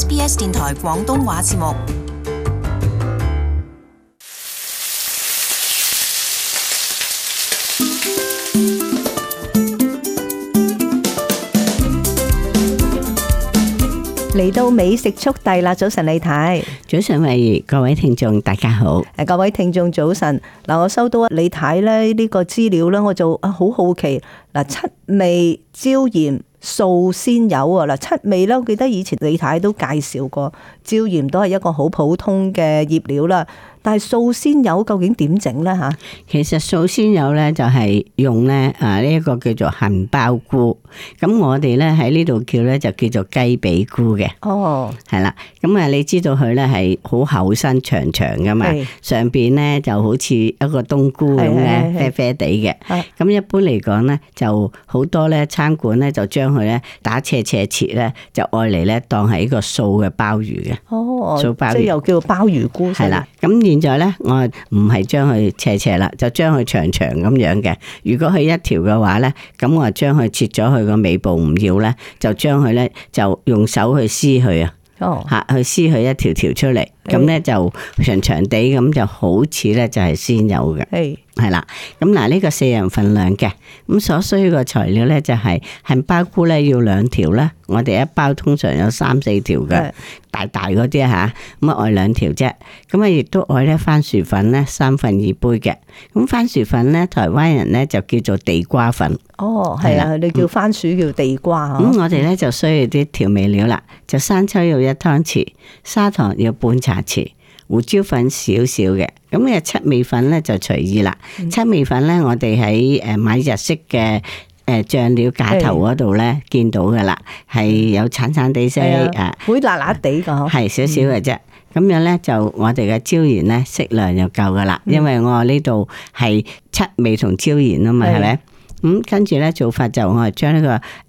SBS 電台廣東話節目，嚟到美食速遞啦！早晨李太，早晨係各位聽眾，大家好。誒，各位聽眾早晨。嗱，我收到啊，李太咧呢個資料咧，我就好好奇。嗱，七味椒鹽。素先有啊！嗱，七味啦，我記得以前李太都介紹過，椒鹽都係一個好普通嘅醃料啦。但係素鮮油究竟點整呢？吓？其實素鮮油呢就係用咧啊呢一個叫做杏鮑菇，咁我哋呢喺呢度叫呢，就叫做雞髀菇嘅。哦，係啦，咁啊你知道佢呢係好厚身長長㗎嘛？是上邊呢就好似一個冬菇咁嘅啡啡哋嘅。咁、啊嗯、一般嚟講呢，就好多呢餐館呢就將佢呢打斜斜切呢，就愛嚟呢當係一個素嘅鮑魚嘅。哦，素鮑魚、嗯、即係又叫鮑魚菇。係啦，咁。現在咧，我唔係將佢斜斜啦，就將佢長長咁樣嘅。如果佢一條嘅話咧，咁我將佢切咗佢個尾部唔要咧，就將佢咧就用手去撕佢、oh. 啊，吓去撕佢一條條出嚟。咁咧、嗯、就長長地咁就好似咧就係先有嘅係係啦，咁嗱呢個四人份量嘅，咁所需要嘅材料咧就係杏鮑菇咧要兩條啦，我哋一包通常有三四條嘅的大大嗰啲吓，咁啊愛兩條啫，咁啊亦都愛咧番薯粉，咧三分二杯嘅，咁番薯粉咧台灣人咧就叫做地瓜粉哦，係啊，的嗯、你叫番薯叫地瓜吓、哦，咁我哋咧就需要啲調味料啦，就生抽要一湯匙，砂糖要半茶。下次胡椒粉少少嘅，咁啊七味粉咧就隨意啦。嗯、七味粉咧，我哋喺誒買日式嘅誒醬料架頭嗰度咧見到噶啦，係的有橙橙哋色誒，會辣辣哋噶，係少少嘅啫。咁、嗯、樣咧就我哋嘅椒鹽咧適量就夠噶啦，嗯、因為我呢度係七味同椒鹽啊嘛，係咪是的 的？咁跟住咧做法就我係將呢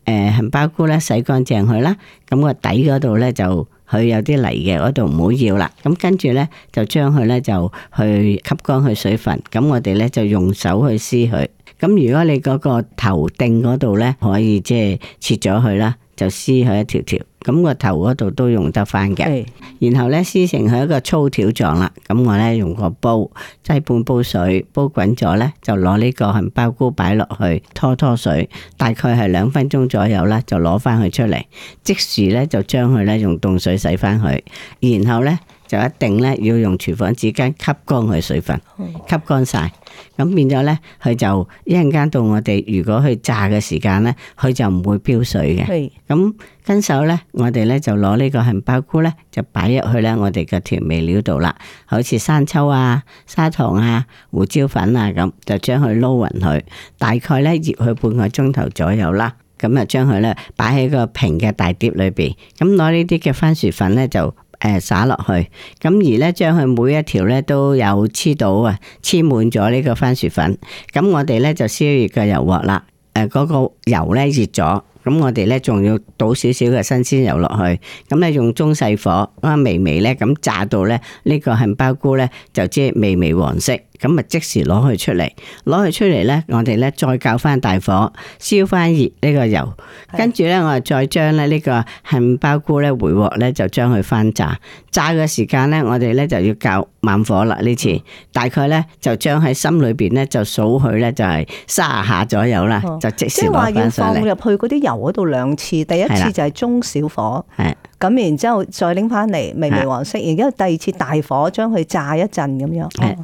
個誒杏鮑菇咧洗乾淨佢啦，咁個底嗰度咧就。佢有啲泥嘅嗰度唔好要啦，咁跟住呢就將佢呢就去吸乾佢水分，咁我哋呢就用手去撕佢。咁如果你嗰個頭頂嗰度呢，可以即係切咗佢啦。就撕佢一條條，咁個頭嗰度都用得翻嘅。是然後咧撕成佢一個粗條狀啦，咁我咧用個煲，即半煲水，煲滾咗咧就攞呢個杏鮑菇擺落去，拖拖水，大概係兩分鐘左右啦，就攞翻佢出嚟。即時咧就將佢咧用凍水洗翻佢，然後咧就一定咧要用廚房紙巾吸乾佢水分，是吸乾晒。咁變咗呢，佢就一陣間到我哋如果去炸嘅時間呢，佢就唔會飆水嘅。係是，咁跟手呢，我哋呢就攞呢個杏鮑菇呢，就擺入去呢我哋嘅調味料度啦，好似生抽啊、砂糖啊、胡椒粉啊咁，就將佢撈勻佢，大概呢醃佢半個鐘頭左右啦。咁啊，將佢呢擺喺個平嘅大碟裏邊，咁攞呢啲嘅番薯粉呢，就。誒，灑落去，咁而咧將佢每一條咧都有黐到啊，黐滿咗呢個番薯粉，咁我哋咧就燒熱個油鑊啦，誒，嗰個油咧熱咗，咁我哋咧仲要倒少少嘅新鮮油落去，咁咧用中細火啊、那個、微微咧咁炸到咧呢個杏鮑菇咧就即係微微黃色。咁咪即時攞佢出嚟，攞佢出嚟咧，我哋咧再較翻大火燒翻熱呢個油，跟住咧我哋再將咧呢個杏鮑菇咧回鑊咧就將佢翻炸，炸嘅時間咧我哋咧就要較慢火啦呢次，大概咧就將喺心裏邊咧就數佢咧就係卅下左右啦，哦、就即時攞翻上嚟。即係話要放入去嗰啲油嗰度兩次，第一次就係中小火，係咁的然之後再拎翻嚟微微黃色，而家的第二次大火將佢炸一陣咁樣。的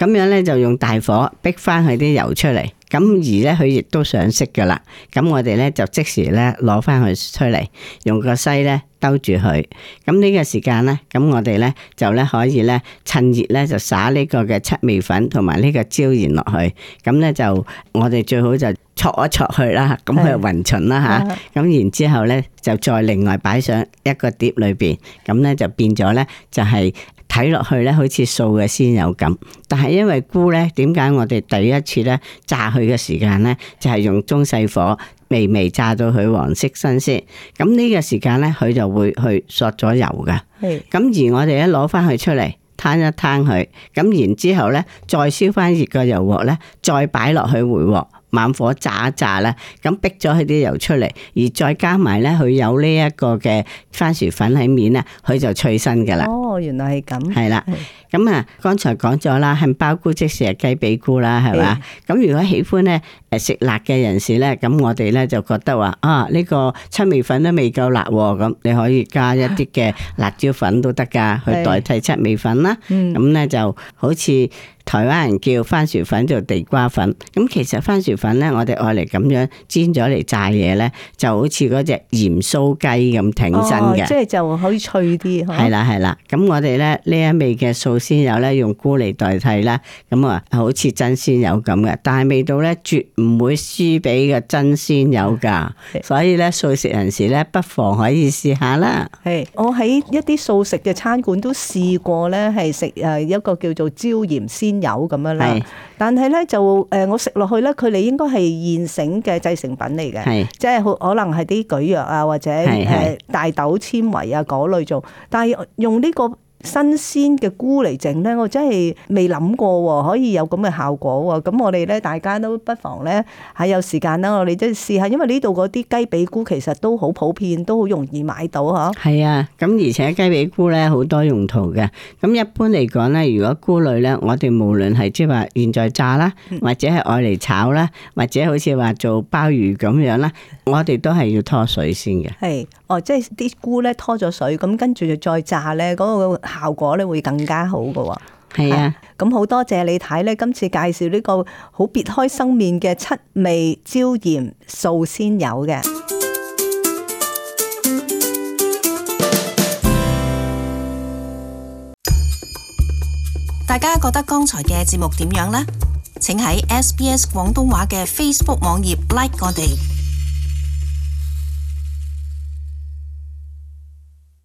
咁樣咧就用大火逼翻佢啲油出嚟，咁而咧佢亦都上色噶啦。咁我哋咧就即時咧攞翻佢出嚟，用個篩咧兜住佢。咁呢個時間咧，咁我哋咧就咧可以咧趁熱咧就灑呢個嘅七味粉同埋呢個椒鹽落去。咁咧就我哋最好就撮一撮去啦，咁佢的就勻勻啦吓。咁的、啊、然之後咧就再另外擺上一個碟裏邊，咁咧就變咗咧就係、是。睇落去咧，好似素嘅鮮魷咁，但係因為菇咧，點解我哋第一次咧炸佢嘅時間咧，就係、是、用中細火微微炸到佢黃色新鮮，咁、這、呢個時間咧，佢就會去索咗油噶。咁是而我哋一攞翻佢出嚟攤一攤佢，咁然之後咧再燒翻熱個油鑊咧，再擺落去回鑊。猛火炸一炸啦，咁逼咗佢啲油出嚟，而再加埋咧，佢有呢一個嘅番薯粉喺面啊，佢就脆身嘅啦。哦，原來係咁。係啦的，咁啊的，剛才講咗啦，杏鮑菇即係雞髀菇啦，係嘛。咁的如果喜歡咧，誒食辣嘅人士咧，咁我哋咧就覺得話啊，呢個七味粉都未夠辣，咁你可以加一啲嘅辣椒粉都得噶，的去代替七味粉啦。的嗯，咁咧就好似。台灣人叫番薯粉做地瓜粉，咁其實番薯粉咧，我哋愛嚟咁樣煎咗嚟炸嘢咧，就好似嗰隻鹽酥雞咁挺身嘅，哦，即係就可以脆啲。係啦係啦，咁我哋咧呢一味嘅素鮮油咧，用菇嚟代替啦，咁啊好似真鮮油咁嘅，但係味道咧絕唔會輸俾嘅真鮮油㗎，所以咧素食人士咧不妨可以試下啦。係，我喺一啲素食嘅餐館都試過咧，係食誒一個叫做椒鹽鮮。有咁樣啦，但係咧就誒，我食落去咧，佢哋應該係現成嘅製成品嚟嘅， 即係可能係啲蒟蒻啊，或者誒大豆纖維啊嗰類做，但係用呢、呢個新鮮嘅菇嚟整呢，我真係未諗過、哦、可以有咁嘅效果喎、哦。咁我哋咧，大家都不妨呢，喺有時間啦，我哋即係試下，因為呢度嗰啲雞髀菇其實都好普遍，都好容易買到嗬，係啊，咁而且雞髀菇呢，好多用途嘅。咁一般嚟講呢，如果菇類呢，我哋無論係即係話現在炸啦，或者係愛嚟炒啦，或者好似話做鮑魚咁樣啦，我哋都係要拖水先嘅。係，哦，即係啲菇呢，拖咗水，咁跟住就再炸呢。嗰、嗰個效果咧，會更加好嘅，係啊的！咁好多謝你睇咧，今次介紹呢個好別開生面嘅七味椒鹽素先有嘅。大家覺得剛才嘅節目點樣呢？請喺 SBS 廣東話嘅 Facebook 網頁 like 我哋。